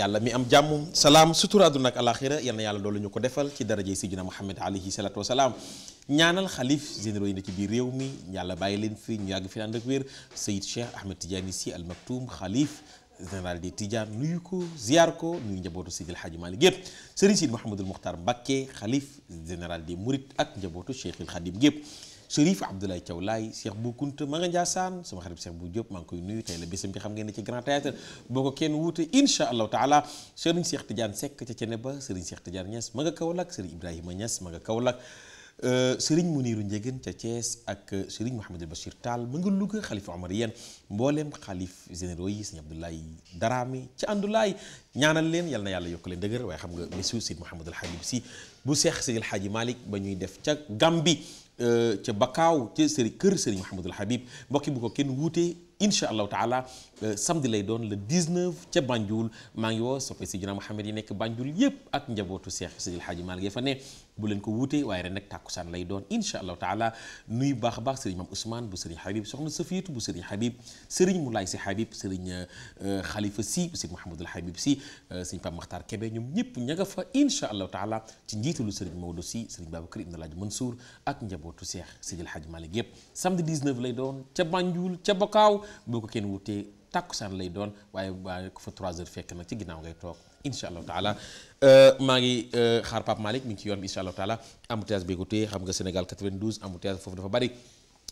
yàlla mi am jàmm salaam sutura àdduna ak alaxira yal na yàlla loolu lañu ko defal ci daraje Sidina Muhammad alayhi salaatu wa salaam ñaanal xalif généraux yi ne ci biir réew mi yàlla bàyyi leen fii ñu yàgg fi ànd ak wér Seyid Cheikh Ahmed Tidiane Sy Al Maktoum xalif général des Tidiane nuyu ko ziar ko nuyu njabootu Sidil Hadji Malick gépp Serigne Sidi Mouhamadul Mokhtar Mbacké xalif général des Mourides ak njabootu Cheikhul Khadim gépp Chérif Abdoulaye Thiaw Laye Cheikh Bou Kounta ma nga Ndiassane sama xarit Cheikh Bou Diop maa ngi koy nuyu tey la bésam bi xam ngeen ne ci Grand Théâtre boo ko kenn wuute incha allahu taala Serigne Cheikh Tidiane Seck ca Cene ba Serigne Cheikh Tidiane Niass ma nga Kaolack Serigne Ibrahima Niass ma nga Kaolack euh, Serigne Mouniru Ndiéguen ca Thiès ak euh, Serigne Mouhamadou Bachir Tall ma nga Louga xalifa Omar yéen mbooleem xalif généraux yi Serigne Abdoulaye Darame ci àndulaay ñaanal leen yal na yàlla yokk leen dëgër waaye xam nga bésu Serigne Mouhamadou ba ñuy def ca Gambie ca Bakaaw ca sëriñ kër sëriñ Mouhamadul Habib mbokki bu ko kenn wute incha allahu taala Euh, samedi lay doon le 19 ca Banjul maa ngi woo soppe Sidina Mohamed yi nekk Banjul yëpp ak njabootu Seex Sidil Haaji Maalik fa ne bu leen ko wuutee waaye lay doon incha allahu taala nuyu baax a baax sëriñ Maam Ousmane bu sëriñ Habib soxna Safiyatu bu sëriñ Habib sëriñ Moulay si si euh, bu sëriñ Mouhamadul Habib si euh, sëriñ Pape ñoom ñëpp ña fa incha allahu taala ci njiitalu sëriñ Maodo si sëriñ Babacar Ibn Alaaji Mansour ak njabootu Seex Sidil Haaji Maalik yëpp samedi 19 lay doon ca Banjul ca Bokaaw boo ko kenn wuutee tàkkusaan lay doon waaye waaye ku fa 3 heures fekk nag ci ginnaaw ngay toog incha allahu taala euh, maa ngi euh, xaar Pape Malick mi ngi ci yoon bi incha allahu taala embouteillage bi ko téye xam nga Sénégal 92 embouteillage foofu dafa bari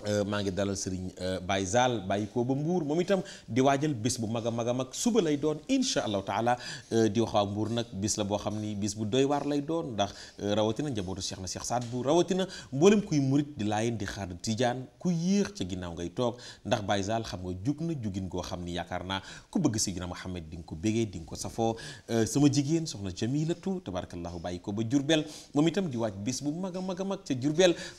Euh, maa ngi dalal Serigne euh, Baye Zal bàyyi ko ba mbuur moom itam di waajal bis bu mag a mag a mag suba lay doon incha allahu taala euh, di wax waa Mbour nag boo xam ni bis bu doy waar lay doon ndax rawatina njabootu Cheikh na Cheikh Saad bu rawatina mboolem kuy murit di laayeen di xaar tijaan ku yéex ca ginnaaw toog ndax Baye Zal xam jug na jugin koo xam ni yaakaar naa ku bëgg si ginnaaw Mouhamed di nga ko bégee di nga ko safoo sama jigéen soxna Jamilatu tabarakallahu bàyyi ko ba Jurbel itam di waaj bis bu mag a mag a mag ca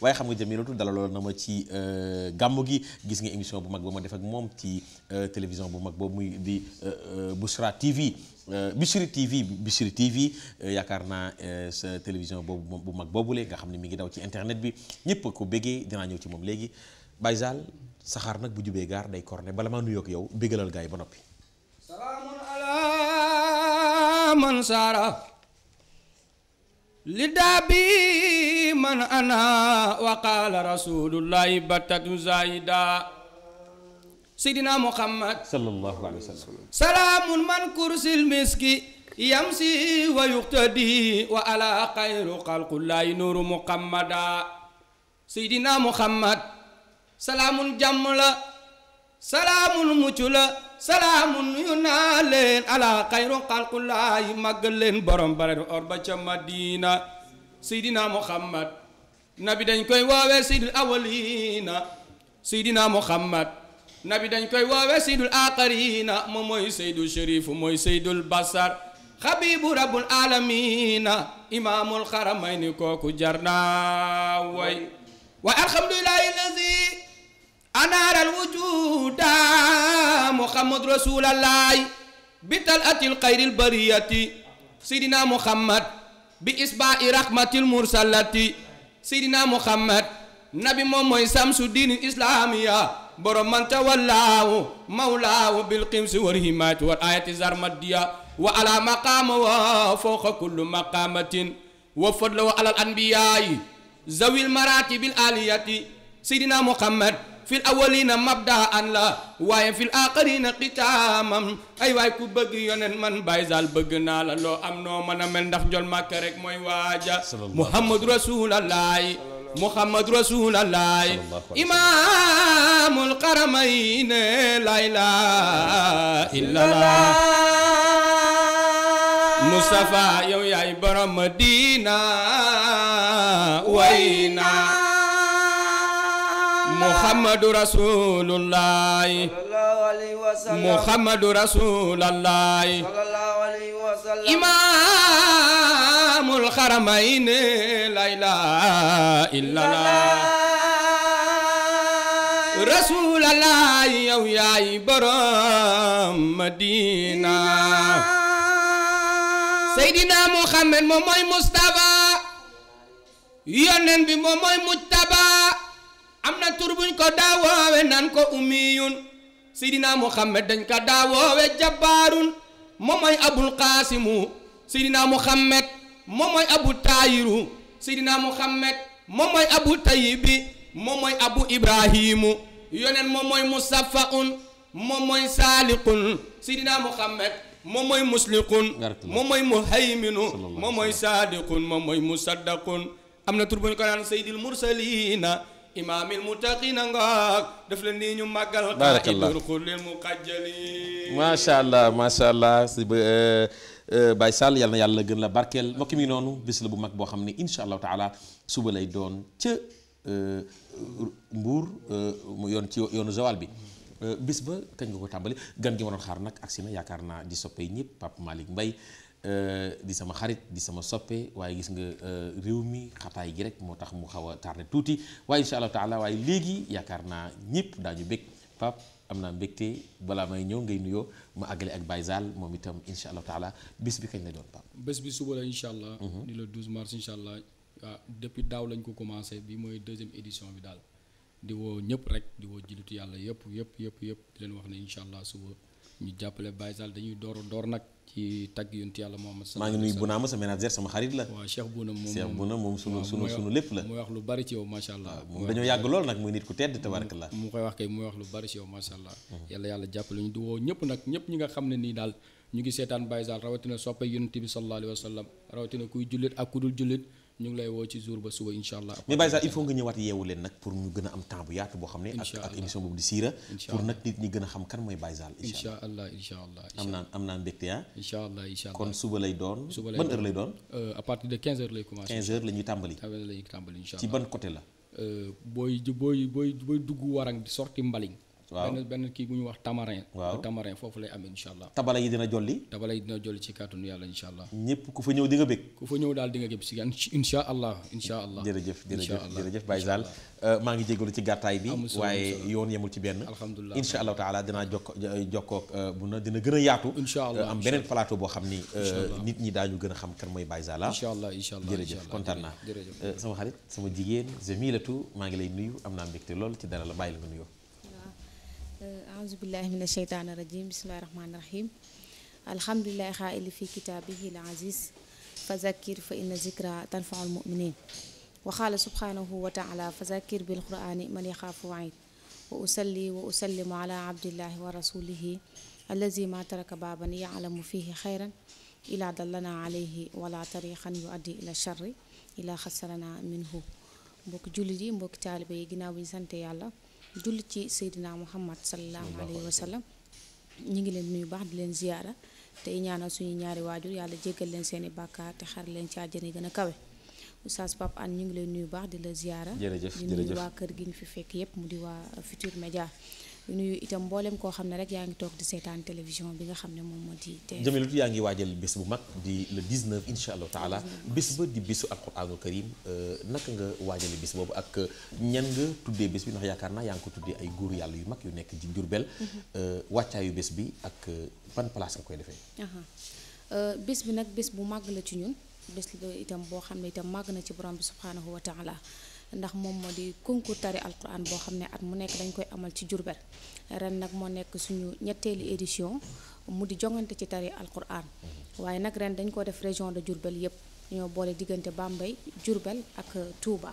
waaye xam nga Jamilatu dalaloo na ma ci Euh, gàmmu gi gis nga émission bu mag ba ma def ak moom ci euh, télévision bu mag boobu muy di Bouchra TV Bichri TV Bichri TV yaakaar naa euh, sa télévision boobu bu mag boobu boobule nga xam ne mi ngi daw ci internet bi ñëpp ko bëggee dinaa ñëw ci moom léegi Baye saxaar nag bu jubee gaar day korne bala maa nuyoo ak yow bégalal gars yi ba noppi. لي من أنا وقال رسول الله بتة زايدا سيدنا محمد صلى الله عليه وسلم سلام من كرسي المسك يمسي ويقتدي وعلى خير خلق الله نور محمدا سيدنا محمد سلام جملا سلام مجلا salaamun yu naa leen ala xayru xalqulaay màgg leen borom bare or ba ca madina seydina muhammad nabi dañ koy woowee seydul awalina seydina muhammad nabi dañ koy woowee seydul aqarina moom mooy seydul sharifu mooy seydul basar xabibu rabbul alamina imaamul xaramayni kooku jar naa way wa alhamdulillahi allazi anaaral wujuda muhammad rasulallahi bital atil xayril bariyati seydina muhammad bi isbaai rahmatil mursalati seydina muhammad nabi moom mooy samsu diinil islaamiya borom man tawallaahu mawlaahu bil qimsi wal himaati wal ayati zarmadiya wa ala maqaama wa fawqa kullu maqaamatin wa fadla wa alal anbiyaayi zawil maratibil aliyati seydina muhammad fil awwalina mabdaan la waaye fil aaxarina xitaamam ay waay ku bëgg yonen man Baye Zal bëgg la loo am noo mën a mel ndax njol mooy waaja muhammadu rasulallaahi muhammadu rasulallaahi imaamul xaramayni laa ilaaha illallaah Mustafa yow Madina wayna muhammadu rasulullahi muhammadu rasulullahi imaamul xaramayni la ilaha illallah rasulullahi yow yaay borom madina seydina muhammad moom mooy mustafa yonen bi moom mooy mujtaba am na tur buñ ko daawoowe nan ko ummiyun seydina muhammad dañ ko daawoowe jabbaarun moom mooy abul qaasimu seydina muhammad moom mooy abu taayiru seydina muhammad moom mooy abu tayibi moom mooy abu ibrahimu yoneen moom mooy musaffaun moom mooy saaliqun seydina muhammad moom mooy musliqun moom mooy muhayminu moom mooy saadiqun moom mooy musaddaqun am na tur buñ ko naan seydil mursalina imaamil muttaqina ngoog def leen nii ñu màggal barakallah xurlil muqajjali macha allah macha allah si ba eh, eh, Baye Sall yal na yàlla gën la barkeel mbokk mi noonu bis la bu mag boo xam ne incha allahu taala suba lay doon ca eh, Mbour mu yoon ci yoonu Zawal bi bis ba kañ nga ko tàmbali gan gi ma doon xaar nag agsi na yaakaar naa di soppee ñëpp Pape Malick Mbaye Euh, di sama xarit di sama soppe waaye gis nga euh, réew mi xataay gi rek moo tax mu xaw a tardé tuuti waaye incha allahu waaye léegi yaakaar naa ñëpp daañu bég pap am naa mbégte balaa may ñëw ngay nuyoo ma àggale ak Baye moom itam incha allahu taala bés bi kañ la doon pap bi suba la incha allah. ni le 12 mars incha allah ah, depuis daaw lañ ko commencé bi mooy deuxième édition bi daal di woo ñëpp rek diwoo woo yàlla yëpp yëpp yëpp yëpp di leen wax ne incha allah suba. ñu jàppale Baye Sall dañuy door door nag ci tagg yonti yàlla Muhammad maa ngi nuyu Bouna ma sa ménagère sama xarit la waaw Cheikh Bouna moom Cheikh Bouna moom sunu sunu lépp la muy wax lu bari ci yow macha allah moom dañoo yàgg lool nag muy nit ku tedd tabarakallah mu koy wax kay muy wax lu bari ci yow macha allah mm-hmm. yàlla jàppale ñu di woo ñëpp nag ñëpp ñi nga xam ne nii daal ñu ngi seetaan Baye Sall rawatina soppe yonent bi sallallahu alayhi wa sallam rawatina kuy jullit ak ku dul jullit ñu ngi lay woo ci jour ba suba incha allah. mais Baye Zale il faut nga ñëwaat yeewu leen nag pour ñu gën a am temps bu yaatu boo xam ne. ak ak émission boobu di siira. pour nag nit ñi gën a xam kan mooy Baye Zale. incha allah incha allah am naa am naa mbégte ah. incha allah incha allah kon suba lay doon. suba heure lay doon. Euh, à de 15h lay commencé. 15h la ñuy tàmbali. tàmbali la ñuy ci ban côté la. Euh, booy booy booy booy dugg warang di sorti mbaling waaw benn kii bu ñu wax tamarin. waaw tamarin foofu lay amee incha allah. tabala yi dina jolli. tabala yi dina jolli ci kàttanu yàlla incha allah. ñëpp ku fa ñëw di nga bëgg. ku fa ñëw daal di nga gëb si gan incha allah incha allah. jërëjëf jërëjëf jërëjëf Baye Zal euh, maa ngi jégalu ci gàttaay bi. waaye yoon yemul ci benn. alhamdulilah incha allah taala dinaa jokk euh, jokkoo euh, bu na dina gën a yaatu. incha allah am beneen plateau boo xam ni. nit ñi daañu gën a xam kan mooy Baye Zal. incha allah incha allah jërëjëf kontaan naa sama xarit sama jigéen Jamilatu maa ngi lay nuyu am naa mbégte lool ci dara la la nga aousubillahi min asheytaani irajim bismillahi rahmaani rahim alhamdulilahi xaaili fi kitaabihi l aziz fa zakir fa inna zikra tanfaul muminin wa qaala subhaanahu wa taala fa zakir bil qurani man yaxaafu waid wa usalli wa usallimu ala abdillahi wa rasulihi allazi ma taraka baaban yaalamu fihi xayran ilaa dallana alayhi wala tariqan yu addi ila charri ilaa xasarana minhu mbokki jullit yi mbokki taalibe yi ginnaaw bi ñu sante yàlla julli ci Seydina Muhammad sallallahu alayhi wa ñu ngi leen nuyu baax di leen ziyaara tey ñaanal suñu ñaari waajur yàlla jéggal leen seeni bàkkaar te xar leen ci àjjana yi gën a kawe Oustaz Pape an ñu ngi leen nuyu baax di la ziyaara di nuyu waa kër gi ñu fi fekk yépp mu di waa Futurs Médias di nuyu itam mboolem koo xam ne rek yaa ngi toog di seetaan télévision bi nga xam ne moom moo di tey jëmeletu yaa ngi waajal bés bu mag di le 19 ba di bésu alquranul karim euh, naka nga waajale bés boobu ak ñan nga tuddee bi ndax yaakaar naa yaa ngi ko tuddee ay góor yàlla yu mag yu nekk ci Njurbel mm-hmm. euh, wàccaayu bés bi ak euh, ban place nga koy defee bés bi nag bés bu màgg la ci ñun bés itam boo xam ne itam màgg na ci borom bi subhaanahu wa taala ndax moom moo di concours tari alquran boo xam ne at mu nekk dañ koy amal ci Jurbel ren nag moo nekk suñu ñetteelu édition mu di jongante ci tari alquran waaye nag ren dañ ko def région de Jurbel yépp ñoo boole diggante Bambey Jurbel ak Touba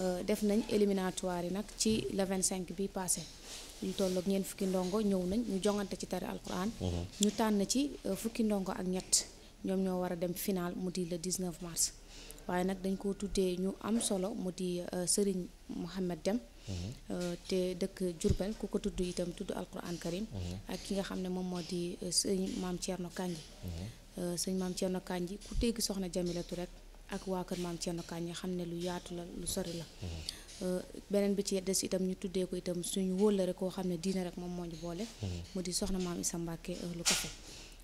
euh, def nañ éliminatoire yi nag ci le 25 bi passé ñu tolloog ñeent fukki ndongo ñëw nañ ñu jongante ci tari alquran mm-hmm. ñu tànn ci euh, fukki ndongo ak ñett ñoom ñoo war a dem final mu di le 19 mars waaye nag dañ koo tuddee ñu am solo mu di euh, Serigne Mohamed Dem mhm. euh, te dëkk Jurbel ku ko tudd itam tudd alquran karim mhm. ak ki nga xam ne moom moo di euh, sëñ maam Thierno Kanji sëñ maam Thierno Kanji ku dégg soxna Jamilatu rek ak waa kër maam Thierno Kanji xam ne lu yaatu la lu sori la mhm. beneen bi ci des itam ñu tuddee ko itam suñu wóllëre koo xam ne diina rek moom moo ñu boole mu di soxna maam sa Mbàkke lu kafe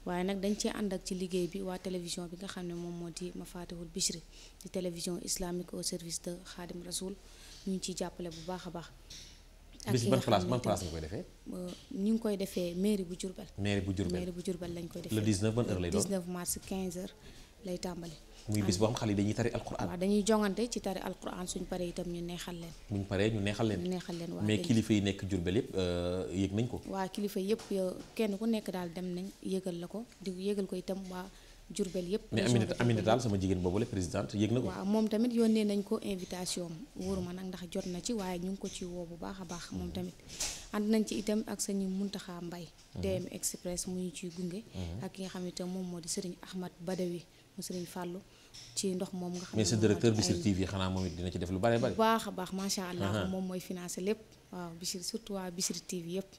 waaye nag dañ cee ànd ak ci liggéey bi waa télévision bi nga xam ne moom moo di Mafatihul Bichri di télévision islamique au service de Khadim Rasoul ñu ngi ciy jàppale bu baax a baax. ak ban place ban place koy defee. Euh, ñu ngi koy defee mairie bu Diourbel. mairie bu Diourbel mairie bu Diourbel lañ koy defee. le 19 ban heure lay doon mars 15h lay tàmbali. muy bis boo xam xale yi dañuy tari alquran waaw dañuy jongante ci tari alquran suñ paree itam ñu neexal leen buñ paree ñu neexal leen neexal leen waaw mais kilifa yi nekk jurbel yëpp euh, yëg nañ ko waa kilifa yëpp kenn ku nekk daal dem nañ yëgal la ko di yëgal ko itam waa Jurbel yëpp. mais Aminata Aminata daal sama jigéen boobu la présidente yëg na ko. waaw moom tamit yónnee nañ ko invitation am ma nag ndax jot na ci waaye ñu ngi ko ci woo bu baax a baax moom mm-hmm. tamit ànd nañ ci itam ak sëñ Muntaxa Mbay mm-hmm. DM Express mu ñu ciy gunge. Mm-hmm. ak ki nga xam ne itam moom moo di sëriñ Ahmad Badawi mu sëriñ Fàllu ci ndox moom nga xam mais sa directeur Bichir TV xanaa moom it dina ci def lu bare bare. bu baax a baax macha allah uh-huh. moom mooy financé lépp waaw Bichir surtout waa Bichir yëpp.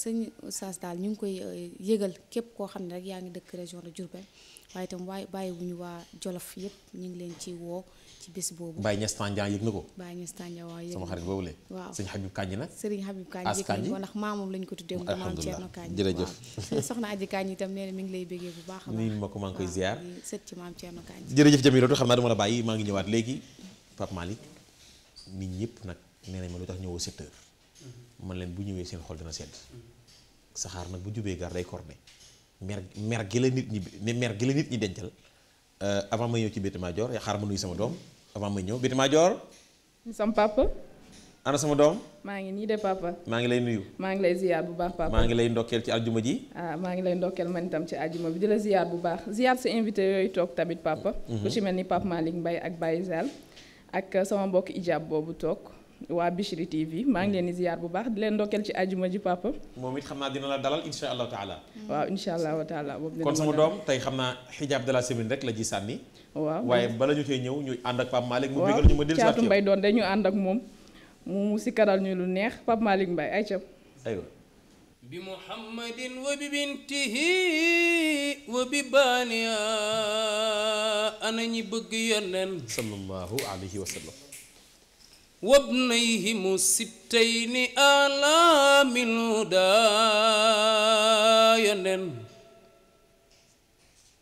sëñ Oustaz daal ñu ngi koy euh, yëgal képp koo xam ne rek yaa ngi dëkk région de Diourbel waaye itam waaye bàyyiwuñu waa Jolof yëpp ñu ngi leen ci woo ci bés boobu. Baye Niass Tandian yëg na ko. Baye Niass Tandian waaw yëg sama xarit boobu la. waaw sëñ Habib Kañ nag. sëriñ ko ndax maamam lañu ko tuddee. maam Thierno Kañ jërëjëf waaw soxna Aji Kañ itam nee na mi ngi lay bëggee bu baax a baax. nuyu ma ko maa ngi koy ziar sët ci maam Thierno Kañ. jërëjëf Jamilatu xam naa dama la bàyyi maa ngi ñëwaat léegi Pape ñëpp nag nee nañ ma lu tax ñëwoo 7 man leen bu ñëwee seen xol dina sedd saxaar nag bu jubee gar day corne mer mer gi la nit ñi mer gi la nit ñi dencal euh, avant may ñëw ci Bété Madior xaar ma nuyu sama doom avant may ñëw Bété Madior sama papa ana sama doom maa ngi nii de papa maa ngi lay nuyu maa ngi lay ziyaar bu baax papa maa ngi lay ndokkeel ci aljuma ji ah, maa ngi lay ndokkeel man itam ci aljuma bi di la ziyaar bu baax ziyaar sa invité yooyu toog tamit papa mm-hmm. ku ci mel ni Pape Malick Mbaye ak bay Zal ak euh, sama mbokk ijaab boobu toog waa Bichri TV maa ngi mm. leen di bu baax di leen ndokkeel ci ajuma ji papa. moom it xam naa dina la dalal incha allahu taala. Mm. waaw incha allahu taala. boobu kon sama doom tey xam naa xijaab de la semaine rek la ji sànni. waaw waaye bala ñu cay ñëw ñu ànd ak Pape Malick. mu bëggal ñu ma dellusiwaat caatu mbay doon dañu ànd ak moom mu si karal ñu lu neex Pape Malick Mbaye ay cam. aywa. bi muhammadin wa bi bintihi wa bi baaniya ana ñi bëgg yoneen. sallallahu alayhi wa sallam. وابنيهم الستين آلام الهدى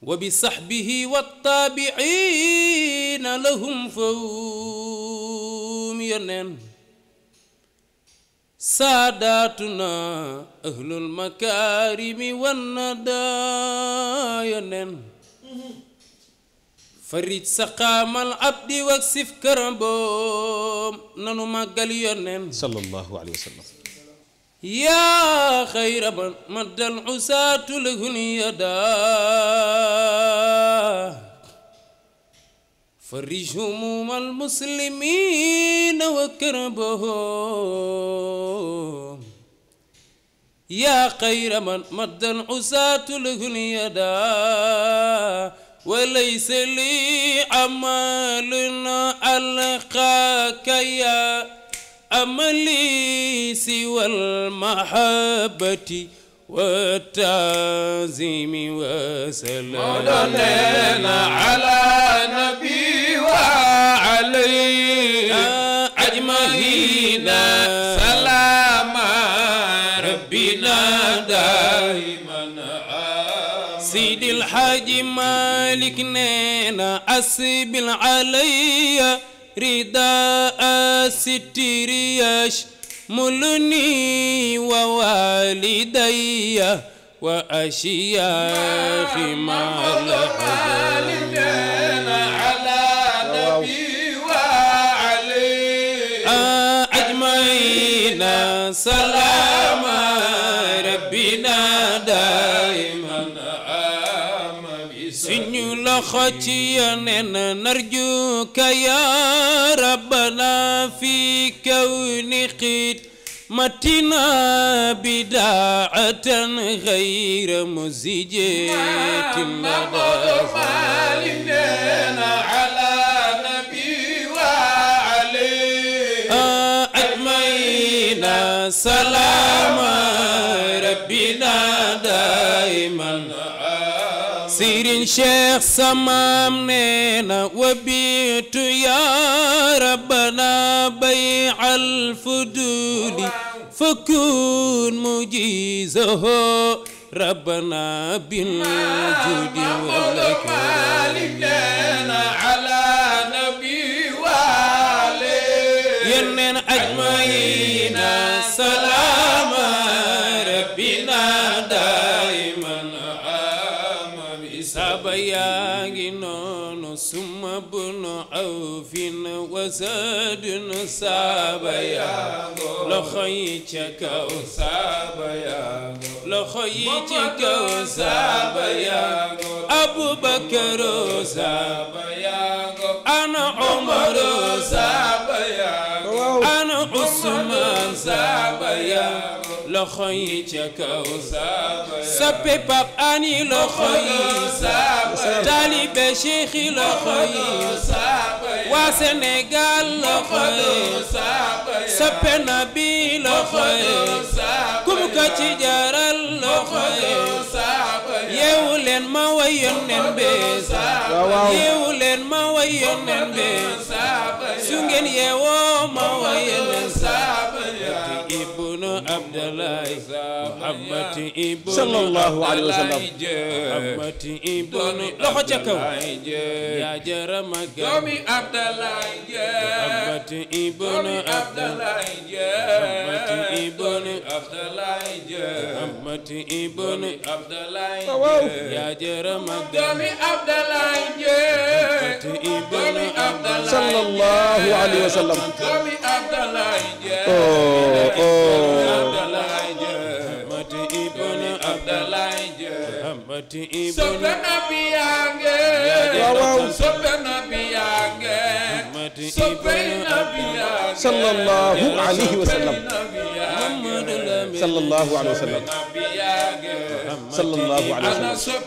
وبصحبه والتابعين لهم فوم ينن ساداتنا أهل المكارم والندى ينن farid saqaamal abdi waksif karamboom nanu màggal yoneen sallallahu alayhi wa sallam yaa xayra man maddal usaatu lahun yadaa farij humumal muslimiina wa karabahum yaa xayra man maddal usaatu lahun yadaa وليس لي أمل ألقاك يا أملي سوى المحبة والتعظيم وسلام على نبي وعليه Alaaji Malik nee na asbil alayya ridaa sitri yashmuluni wa walidayya wa ashyaafi mal ajmaina salaam sax ci yeneen narjuka ya rabbana fi kawni xidmatina bidaatan xayra muzijatin salaama rabbina daiman sëriñ Cheikh samaam nee na wabiitu yaa rabbana bay alfuduli fakun mujizaho rabbana bil judi wal karim lana ala nabi wale yenen ajmaina salaam أسد سابيا لخي تكو سابيا لخي تكو سابيا أبو بكر سابيا أنا عمر سابيا أنا عثمان سابيا loxo yi ca kaw soppe pap taalibe Cheikh yi loxo waa Sénégal loxo yi soppe nabi loxo yi kum ko ci jaral loxo yi yeewu leen ma way yónneen be yeewu leen ma way yónneen be su yeewoo ma way yónneen sallallahu alayhi wa sallam loxo ca kaw yaa jara magal doomi Abdallah Abdallah Abdallah Abdallah Abdallah Soppe na bi yaa ngeen. Soppe na bi yaa sallallahu alayhi wa sallam sallallahu alayhi wa sallam sallallahu alayhi wa sallam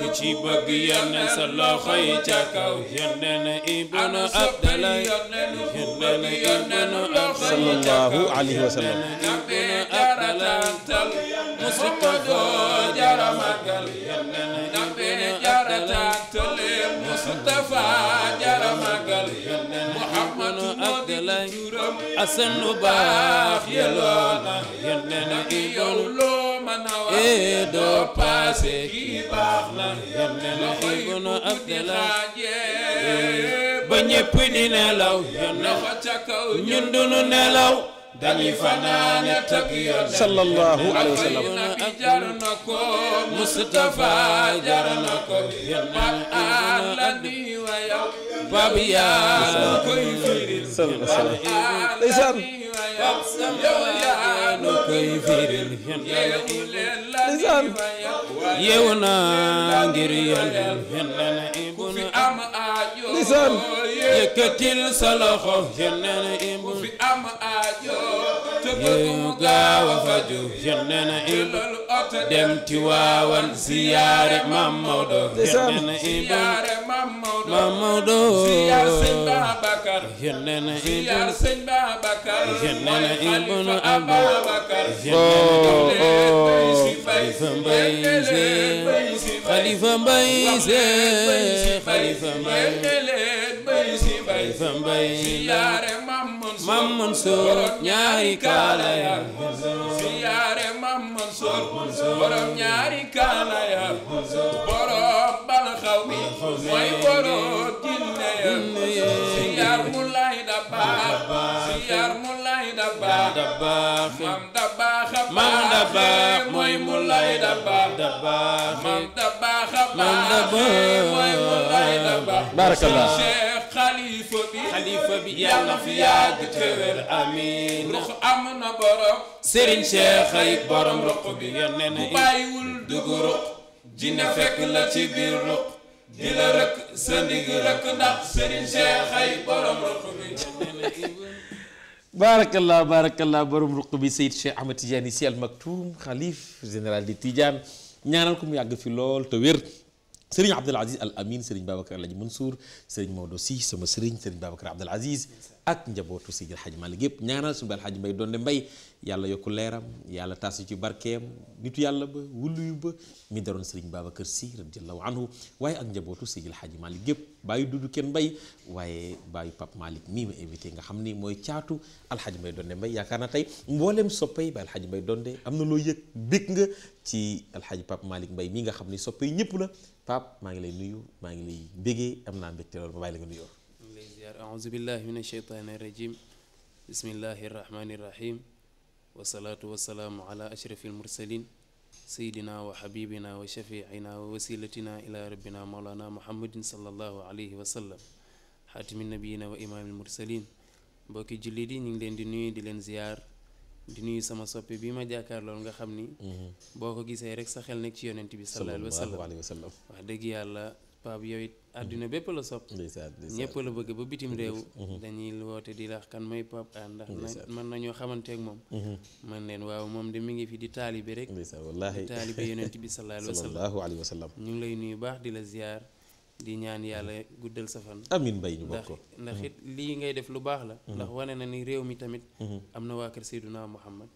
ku ci bëgg yeneen sa loxo yi ca kaw yeneen ibnu abdallah yeneen ibnu abdallah sallallahu alayhi wa sallam mustafa jaramagal noonu ak eh, eh, ba ñépp di nelaw yen nene nelaw dañuy fanaane tag yoon sallallahu alayhi wa sallam Pape yaa koy firi. ndeysaan. ndeysaan. yeew naa ngir yàlla. ndeysaan. yëkkatil sa loxo. fi am aajo. yooyu mu gaaw a faju Cheikh nee na ibu dem ci waawan siyaare Maam Maodo Cheikh nee na ibu Maam Maodo Cheikh nee na ibu Cheikh nee na ibu nu Abba Khalifa Mbaye Sy Khalifa Mbaye Sy Khalifa Mbaye Khalifa Mbaye Mam Mansour ñaari kaala ya siyaare Mam Mansour borom ñaari kaala ya borom bal xaw mi mooy borom jinne ya siyaar mu lay dabaax siyaar mu lay dabaax mam dabaax mam dabaax mooy mu lay dabaax mam dabaax mam dabaax mooy mu lay dabaax barakallah xalifa bi xalifa na fi yàgg te wér amiin ruq am na borom sëriñ Cheikh ay borom ruq bi yónne na bàyyiwul dugg ruq dina fekk la ci biir ruq di la rëkk sa ndig rëkk ndax sëriñ Cheikh ay borom ruq bi baarakallah baarakallah borom ruq bi Seyd Al Maktoum xalif général di Tidiane ñaanal ko yàgg fi lool te wér sëriñ Abdul Aziz Al Amin sëriñ Babacar El Hadj Mansour sëriñ Maodo Sy sama sëriñ sëriñ Babacar Abdul Aziz ak njabootu Seydi El Hadji Malick yëpp ñaanal suñu Baay El Hadji mbay yàlla yokk leeram yàlla taas ci barkeem nitu yàlla ba wulluyu ba mi daroon Serigne Babacar Sy radiallahu anhu waaye ak njabootu Seydi El Hadji Malick yëpp bàyyi dudu kenn mbay waaye bàyyi Pape Malick mii ma invité nga xam ni mooy caatu El Hadji Mbaye doon de yaakaar na tey mbooleem soppay Baay El Hadji Mbaye am na loo yëg bég nga ci El Hadji Pape Malick Mbaye mii nga xam ni soppay ñëpp la Pape maa ngi lay nuyu maa ngi lay bégee am naa mbégte loolu ba bàyyi la nga nuyoo ziar aouzu billahi min asheytaani irrajim bismillahi irrahmani irrahim wasalaatu wasalaamu ala ashrafi almursalin sayidina wa xabibina wa shafiicina wa wasilatina ila rabbina mawlana muhammadin salallahu alayhi wa sallam xaatimi nabiyina wa imaami almursalin mbokki jullit yi ñu ngi leen di nuyu di leen ziar di nuyu sama soppe bi ma jàkkaar loolu nga xam ni boo ko gisee rek sa xel nekk ci yonent bi sallallahu alayhi wa wax dëgg yàlla paab yow àdduna bépp la sopp ñëpp la bëgg ba bitim réew mm-hmm. dañuy woote di la kan mooy Pape Hann ndax mën nañoo xamante ak moom mm-hmm. man leen waaw moom de mi ngi fi di taalibe rek di taalibe yonent bi sallallahu alayhi wa sallam ñu ngi lay nuyu baax di la ziyaar di ñaan yàlla guddal sa fan amiin mbay ñu bokk ndax mm-hmm. it lii ngay def lu baax la ndax wane na ni réew mi tamit am na waa kër Seydunaa Muhammad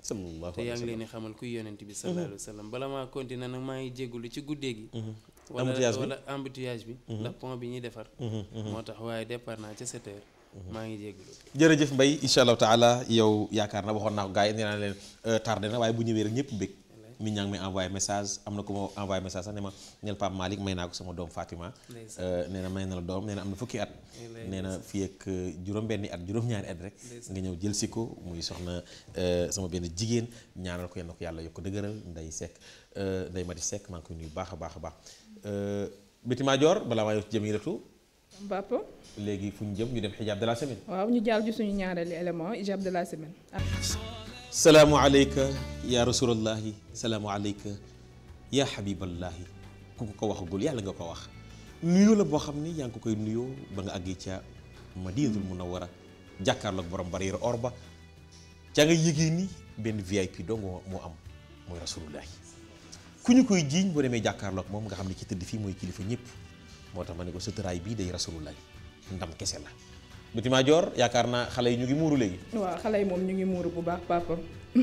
te yaa ngi leen di xamal kuy yonent bi sallallahu alayhi wa sallam bala maa continuer nag maa ngi jéggulu ci embouteillage bi wala embouteillage bi. ndax mhm. pont bi ñu defar. Mhm, mhm, moo tax waaye départ naa ca 7 heures. maa ngi jégalu. jërëjëf Mbaye incha allahu taala yow yaakaar na waxoon naa ko gars yi nee naa leen euh, tardé na waaye bu ñëwee rek ñëpp bég. mi ñaa ngi may envoyé message am na ko ma envoyé message sax ne ma neel Pape Malick ko sama doom Fatima euh, nee na may na la doom nee na am na fukki at nee na fii ak euh, juróom-benni at juróom-ñaari at rek nga ñëw jël si ko muy soxna sama benn jigéen ñaanal ko yal na ko yàlla yokk dëgëral Ndeye Seck Ndeye Mati Seck maa ngi koy nuyu baax a baax a baax Béti euh, Madior balaa maa yow ci léegi fu ñu jëm ñu dem xijaab de la semaine. waaw ñu jaar ci suñu ñaareelu élément xijaab de la semaine. salaamualeyka yaa rasulallahi salaamualeyka yaa xabiballahi ku ko waxagul yàlla nga ko wax nuyoo la boo xam ne yaa ngi ko koy nuyoo ba nga àggee ca Madinatul Munawwara jàkkaarloog borom bariir or ba ca nga yëgee ni benn VIP dong moo am mooy rasulullahi. ku ñu koy jiiñ boo demee jàkkaarloog moom nga xam ne ci tëdd fii mooy kilifa ñëpp moo tax ma ne ko sëtëraay bii day rasulullahi ndam kese la Buti Madior yaakaar naa xale yi ñu ngi muuru léegi. waaw xale yi moom ñu ngi muuru bu baax papa.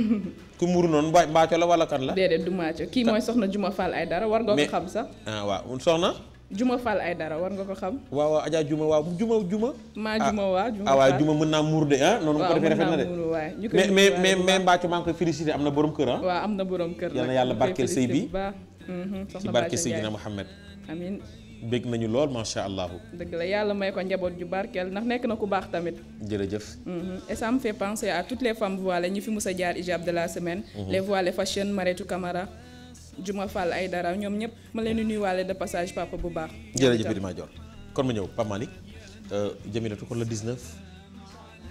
ku muuru noonu mbaaco la wala kan la. déedéet du maaco kii mooy soxna Juma Fall ay dara war nga ko xam sax. ah waaw soxna. Juma fal ay dara war nga ko xam. waaw waaw Adja Juma waaw Juma Juma. ma ah, Juma waaw ah, Juma mën naa muur de ah. noonu ko defee rafet na de mais mais mais mais am na borom kër ah. waaw am na borom kër yal na yàlla barkeel sëy bi mhm, ci barke Seydina Mouhamed amiin bég nañu lool macha allah. dëgg la yàlla may ko njaboot ju barkeel ndax nekk na ku baax tamit. jërëjëf. jëf mhm, ça me fait penser à toutes les femmes voilées ñu fi mus a jaar hijab de la semaine. Mhm. les voilées fashion Maretu Camara. Juma Fall ay dara ñoom ñëpp ma leen di nuyuwaale de passage papa bu baax. jërëjëf Birima Dior kon ma ñëw Pape Malick euh, jëminatu kon la 19.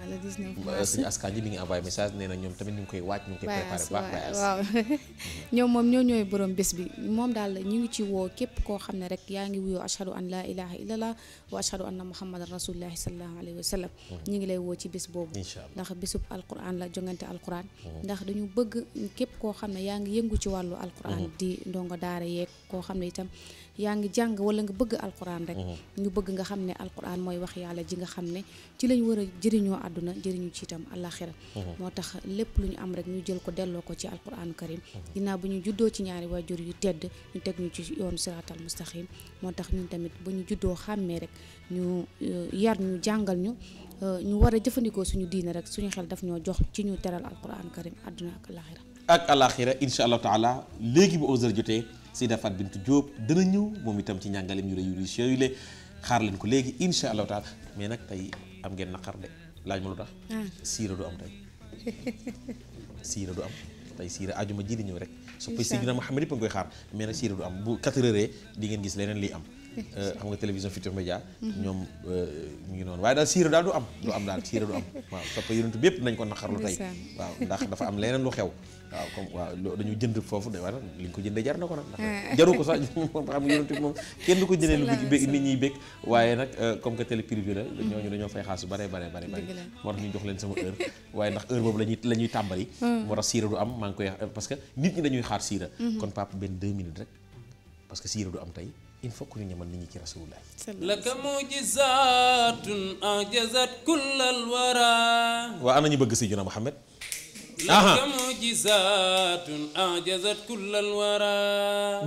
le 19 mars suñu askan ji mi ngi envoyé message nee na ñoom tamit ñu koy waaj ñu ngi koy préparé moom ñoo ñooy borom bés bi moom daal ñu ngi ci képp koo xam ne rek yaa ngi wuyoo ashhadu an laa ilaha illallah wa ashhadu anna muhammadan rasulullahi sallallahu alayhi wa mm-hmm. ñu ngi lay woo ci bés boobu ndax bésub alquran la jongante alquran mm-hmm. ndax dañu bëgg képp koo xam ne yaa ngi yëngu ci wàllu alquran mm-hmm. di ndongo daara yeeg koo xam ne itam yaa ngi jàng wala nga bëgg alquran rek mhm. ñu bëgg nga xam ne alquran mooy wax yàlla ji nga xam ne ci lañ war a jëriñoo àdduna jëriñu ci itam àlaxira mhm. moo tax lépp lu ñu am rek ñu jël ko delloo ko ci alquran karim mhm. ginnaaw bu ñu juddoo ci ñaari waajur yu tedd teg ñu ci yoonu siraatal mustaqim moo tax ñun tamit bu ñu juddoo xàmmee rek ñu euh, yar ñu jàngal ñu euh, ñu war a jëfandikoo suñu diine rek suñu xel daf ñoo jox ci ñu teral alquran karim àdduna ak àlaxira ak àlaxira incha allah taala léegi bu 11 jotee Seyda Fat Bintou Diop dana ñëw moom itam ci njàngaleem yu rëy yu riche yooyu le xaar leen ko léegi incha allahu taala mais nag tey am ngeen naqar de laaj ma lu tax. Ah. siira du am tey siira du am tey siira ajuma ji di ñëw rek. incha allah soppay Seydina Mouhamed yëpp a ngi koy xaar mais nag siira du am bu 4 di ngeen gis leneen liy am. Euh, xam nga télévision Futur Média ñoom euh, ñu ngi noonu waaye daal siira daal du am du am daal siira du am waaw soppa yonentu bi yëpp nañ ko naqarlu tey waaw ndax dafa am leneen lu foofu da waa li ñu ko jëndee jar na ko nag ndax ah. jaru ko sax moom xam euh, comme que télé privé la ñooñu dañoo fay xaasu bare bare bare bare moo tax ñu jox leen boobu lañuy la ñuy tàmbali hmm. moo tax siira du am maa ngi que nit ñi dañuy xaar siira hmm. kon papa benn deux minutes rek parce que siira du am tey il faut que ñu ñamal nit ñi ci rasulullah laka mujizatun ajazat kullal wara waa ana ñu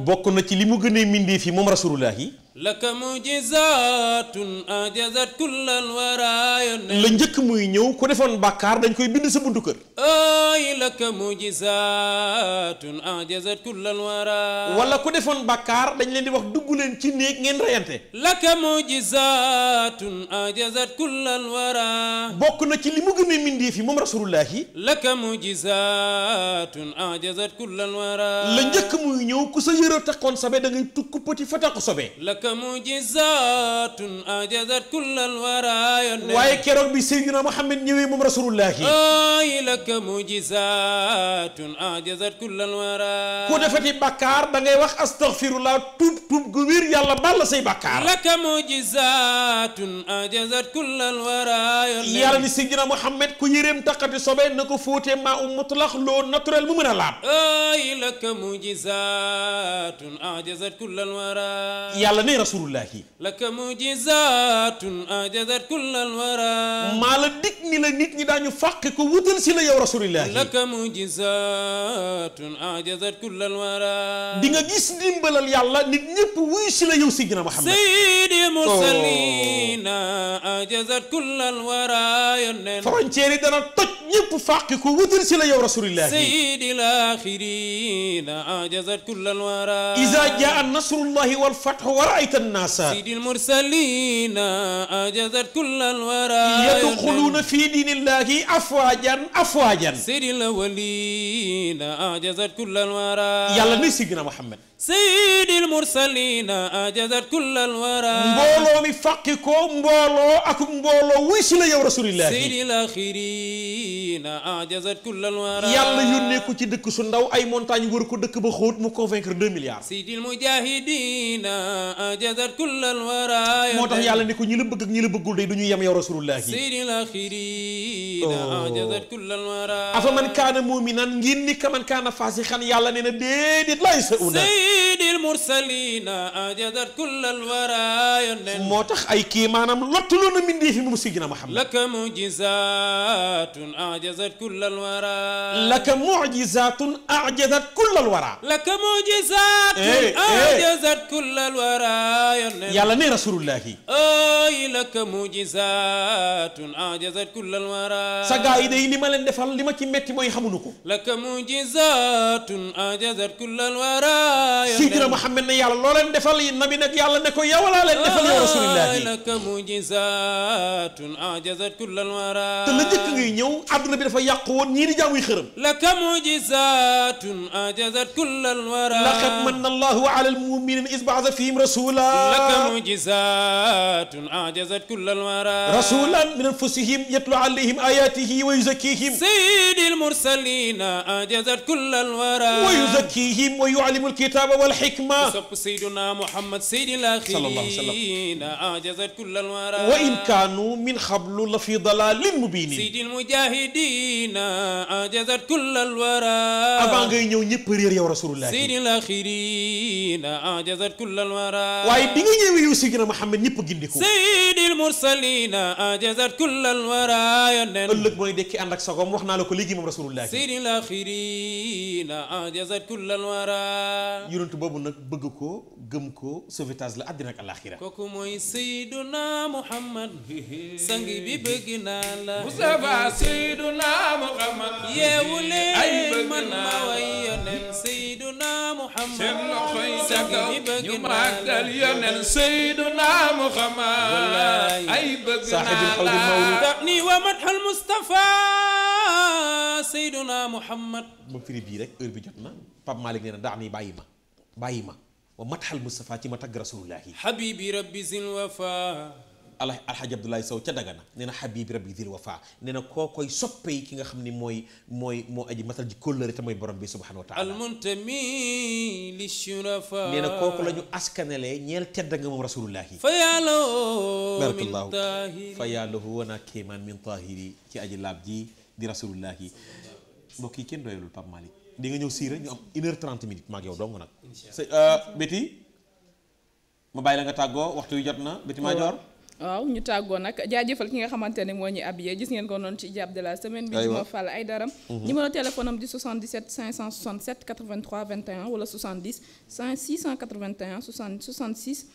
bokk na ci li mu gën a mindee fii moom rasulullah laka mujizatun ajazat kullal wara la njëkk muy ñëw ku defoon bàkkaar dañ koy bind sa buntu kër ay laka mujizatun ajazat kullal wara wala ku defoon bàkkaar dañ leen di wax dugg leen ci néeg ngeen reyante laka mujizatun ajazat kullal wara bokk na ci li mu gën a mindee fi moom rasulullah yi laka mujizatun ajazat kullal wara la njëkk muy ñëw ku sa yëra takkoon sobe da tukk pëti fa takku sobe laka mujizatun ajazat kullal waraaya waaye keroog bi Seydina Muhammad ñëwee moom rasulullahi ay laka mujizatun ajazat kullal waraaya ku defati bàkkaar da ngay wax astaghfirullah tuub tuub gu wér yàlla baal la say bàkkaar laka mujizatun ajazat kullal waraaya yàlla ni Seydina Muhammad ku yëreem taqati sobe na ko fóotee maa um mutlax loo naturel mu mën a laab ay laka mujizatun ajazat kullal waraaya yàlla ni may rasulullahi laka mujizatun ajazat kull alwara maa la dig ni la nit ñi daañu fàqi ko wutal si la yow rasulullahi laka mujizatun ajazat kull alwara di nga gis ndimbalal yàlla nit ñëpp wuy si la yow sidina Muhammad sayyidi mursalina oh. ajazat kull alwara yónneen frontière yi dana toj ñëpp fàqi ko wutal si la yow rasulullahi sayyidi al-akhirina ajazat kull alwara iza jaa nasrullahi wal fathu رأيت الناس سيد المرسلين أجازت كل الورى يدخلون في دين الله أفواجا أفواجا سيد الأولين أجازت كل الورى يلا نسيقنا محمد sayyidil mursalina ajazat kullal wara mbooloo mi fàqi ko mbooloo ak mbooloo wuy si la yow rasulillah sayyidil axirina ajazat kullal wara yàlla yónnee ko ci dëkk su ndaw ay montagne wër ko dëkk ba xóot mu convaincre deux milliards sayyidil mujahidina ajazat kullal wara moo tax yàlla ne ko ñi la bëgg ak ñi la bëggul day du ñu yem yow rasulillah yi sayyidil axirina oh. ajazat kullal afa man kaana muminan ngeen ni ka man kaana fasixan yàlla nee na déedéet lay sa una sayyidil mursalina ajazat kullal wara moo tax ay kii maanaam lottu loon a mindee fi moom Seydina Muhammad laka mujizatun ajazat kullal wara laka mujizatun ajazat kullal wara laka mujizatun eh, eh. ajazat kullal wara yàlla nee rasulullahi ay laka mujizatun ajazat kullal wara sa gaa yi day li ma leen defal li ma ci metti mooy xamuñu ko laka mujizatun ajazat kullal wara Seydina Muhammad ne yàlla loo leen defal yi nabi nag yàlla ne ko yow laa leen defal yow rasulillah te la njëkk ngay ñëw àdduna bi dafa yàq woon ñii di jaamuy xërëm laka mujizatun ajazat kull alwara laqad manna allahu ala almuminina iz baasa fihim rasula laka mujizatun ajazat kull alwara rasulan min anfusihim yatlu alayhim ayatihi wa yuzakkihim sayyidil mursalina ajazat kull alwara wa yuzakkihim wa yuallimu alkitab kitaaba wal xikma sopp sayduna muhammad saydil axirin ajazat kull al wara wa in kaanu min xablu la fi dalalin mubinin saydil mujahidin ajazat kull al wara avant ngay ñëw ñëpp réer yow rasulullah saydil axirin ajazat kull al wara waaye bi nga ñëwee yow saydina muhammad ñëpp gindiku saydil mursalin ajazat kull al wara yoneen ëllëg mooy dekki ànd ak sagom wax naa la ko léegi moom rasulullah saydil axirin ajazat kull al wara yonent boobu nag bëgg ko gëm ko sauvetage la àddina ak alaaxira kooku mooy Seyduna Muhammad sang bi bëgg naa la Mustafa Seyduna Muhammad yeewu leen man ma way yonen Seyduna Muhammad seen loxo yi sang bi bëgg naa la ñu màggal yonen Seyduna Muhammad ay bëgg naa la da'ni wa madhal Mustafa Seyduna Muhammad ba firi bii rek heure bi jot na Pape Malick nee na daa ni bàyyi ma bàyyi ma wa matxal Moustapha ci ma tagg rasulullahi habibi rabbi zil wafa ala alxaaji Abdoulaye Sow ca Dagana nee na habibi rabbi zil wafa nee na koo koy soppee ki nga xam ni mooy mooy moo aji matal ji kóllëre te mooy borom bi subhanahu wa taala almuntami li shurafa nee na kooku la ñu askanelee ñeel tedd nga moom rasulullahi fa yàllaw barakallahu fa min tahiri ci aji laab ji di rasulullahi mbokk yi kenn doyalul Pape Malick di nga ñëw siire ñu am une heure trente minutes maag yow dong nag. Euh, béti ma bàyyi la nga tàggoo waxtu wi jot na béti maa joor waaw ñu tàggoo nag jaajëfal ki nga xamante ne moo ñuy abiyee gis ngeen ko noonu ci jàpp de la semaine bi moo fàll ay daram mhm. numéro téléphone am di 77 567 83 21 wala 70 681 66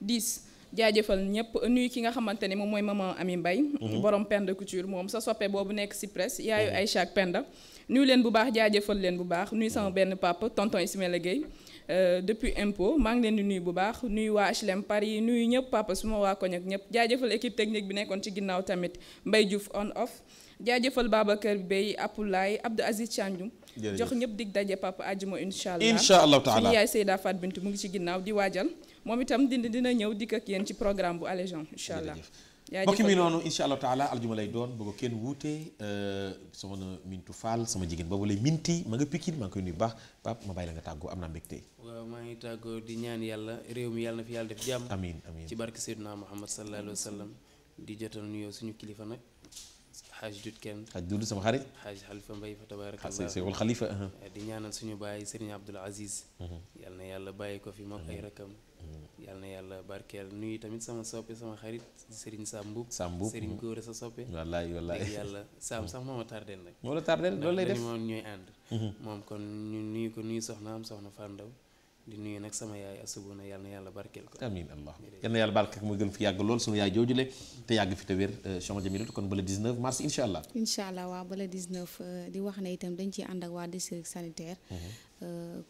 10 jaajëfal ñëpp nuyu ki nga xamante ni moom mooy maman Ami mbay mhm. borom Penda Couture moom sa soppe boobu nekk si presse yaayu mhm. Aïcha ak Penda nuyu leen bu baax jaajëfal leen bu baax nuyu sama mhm. benn papa tonton Ismaïla Gueye euh, depuis impôt maa ngi leen di nuyu bu baax nuyu waa HLM Paris nuyu ñëpp papa su ma waa koñ ak ñëpp jaajëfal équipe technique bi nekkoon ci ginnaaw tamit Mbaye Diouf on off jaajëfal Babacar Bey Apulaay Abdou Aziz Thiandoum jox ñëpp dig daje papa àjjuma incha allah incha allah taala yaay Seyda mu ngi ci ginnaaw di waajal moom itam dina dina ñëw dikk ak yéen ci programme bu Allégeance incha allah. mbokk mi noonu aljuma lay doon bëgg kenn wuute euh, soxna Mintu Fall sama jigéen boobu lay minti ma nga Pikine maa ngi koy nuyu baax Pape ma bàyyi la nga tàggoo am naa mbégte. waaw maa ngi tàggoo di ñaan yàlla réew mi yàlla na fi yàlla def jàmm. amiin amiin ci barke Seydina Muhammad sallallahu alayhi wa sallam di jotal nuyoo suñu kilifa nag. xaaj dut kenn xaaj dut sama xaaj xalifa mbay fa tabaarakallah uh-huh. wal di ñaanal suñu baay Serigne Abdoul Aziz uh-huh. yàlla yàlla na yàlla barkeel nuyu tamit sama soppe sama xarit Serigne Sam Mboup. Sam Mboup Serigne Góor sa soppe. wallaay wallaay dégg yàlla Sam sax moo a tardel nag. moo la tardel loolu lay def moom ñooy ànd. Mhm. moom kon nuyu ko nuyu soxna am soxna Fandaw di nuyu nag sama yaay asubu na yàlla na yàlla barkeel ko. amiin allah na yàlla barkeel ko mu gën fi yàgg lool sunu yaay joojule te yàgg fi te wér Soxna euh, Jamilatu kon ba le 19 mars incha allah. incha allah waaw ba le 19 euh, di wax ne itam dañ ciy ànd ak waa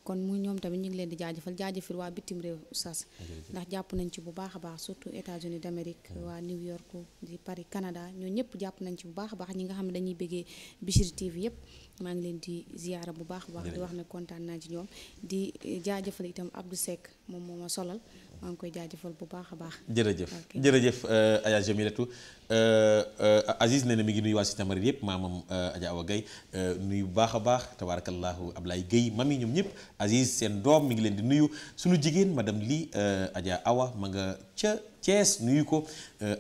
kon mu ñoom tamit ñu ngi leen di jaajëfal jaajëfal waa bitim réew sas ndax jàpp nañ ci bu baax a baax surtout États-Unis d'Amérique waa New York di Paris Canada ñoo ñëpp jàpp nañ ci bu baax a baax ñi nga xam ne dañuy bëggee Bichri TV yëpp maa ngi leen di ziyaara bu baax a baax di wax ne kontaan naa ci ñoom di jaajëfal itam Abdou Seck moom moom ma solal maa ngi koy jaajëfal bu baax a baax. jërëjëf jërëjëf euh, Adja Jamilatu euh, euh, Aziz nee na mi ngi nuyu waa Cité Marine yëpp maamam Adja Awa Gaye nuyu bu baax a baax ab tabaarakallahu Ablaye man mami ñoom ñëpp Aziz seen doom mi ngi leen di nuyu suñu jigéen ma madame lii Adja Awa ma nga ca Thiès nuyu ko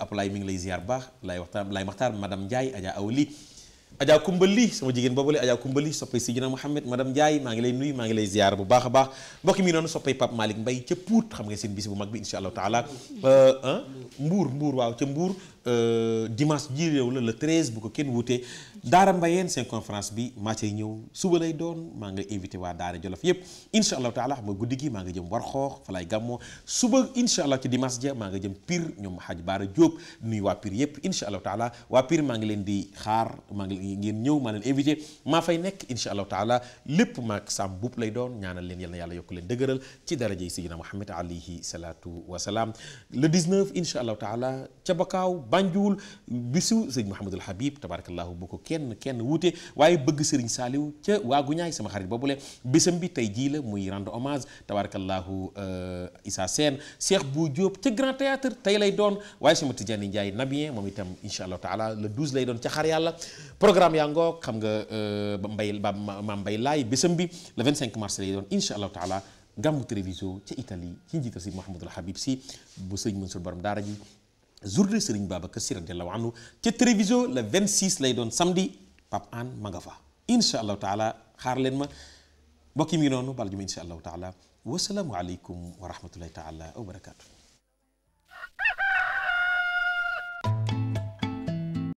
Ablaye mi ngi lay ziar baax lay waxtaan lay ma madame Ndiaye Adja Awa lii. Adja Kumba Ly sama jigéen boobule Adja Kumba Ly soppay Sidina Mouhamed madame Ndiaye maa ngi lay nuyu maa ngi lay ziar bu baax a baax mbokk mi noonu soppay Pape Malick Mbaye ca Pout xam nga seen bis bu mag bi insha allahu taala euh, mbuur mbuur waaw ca mbuur euh, dimanche ji réew la le 13 bu ko kenn wuute Daara Mbayeen seen conférence bi maa cay ñëw suba lay doon maa nga invité waa Daara Jolof yëpp incha allahu taala mooy guddi gi maa nga jëm war xoox fa lay gàmmoo suba incha allah ci dimanche ja maa nga jëm Pire ñoom Hadj Baara Diop nuyu waa Pire yëpp incha allahu taala waa Pire maa ngi leen di xaar maa ngi ngeen ñëw maa leen invité maa fay nekk incha allahu taala lépp maag sàmm buub lay doon ñaanal leen yal yàlla yokk leen dëgëral ci daraja yi Sayyidina Muhammad alayhi salaatu wa salaam le 19 incha allahu taala ca Bakaaw Banjul bisu sëñ Mouhamadul Habib tabarakallahu bu ko kenn kenn wuute waaye bëgg Serigne Saliou ca waagu ñaay sama xarit boobule bésam bi tey jii la muy rendre hommage tabarakallahu euh, Issa Sène Cheikh Bou Diop ca Grand Théâtre tey lay doon waaye sama Tidiane Ndiaye nabien moom itam incha allah taala le 12 lay doon ca xar yàlla programme yaa ngoog xam nga mbay euh, ba maam mbay laay bésam bi le 25 mars lay doon incha allah taala gàmmu télévision ca Italie ci njiital si Mouhamadul Habib si bu sëñ Mansour borom daara ji journée Serigne Babacar Sy radiyallahu anhu ca télévision le 26 lay doon samedi Pape An ma nga fa incha taala xaar leen ma mbokk yi mi ngi noonu bal juma incha allahu taala wasalaamualeykum wa rahmatullahi taala wa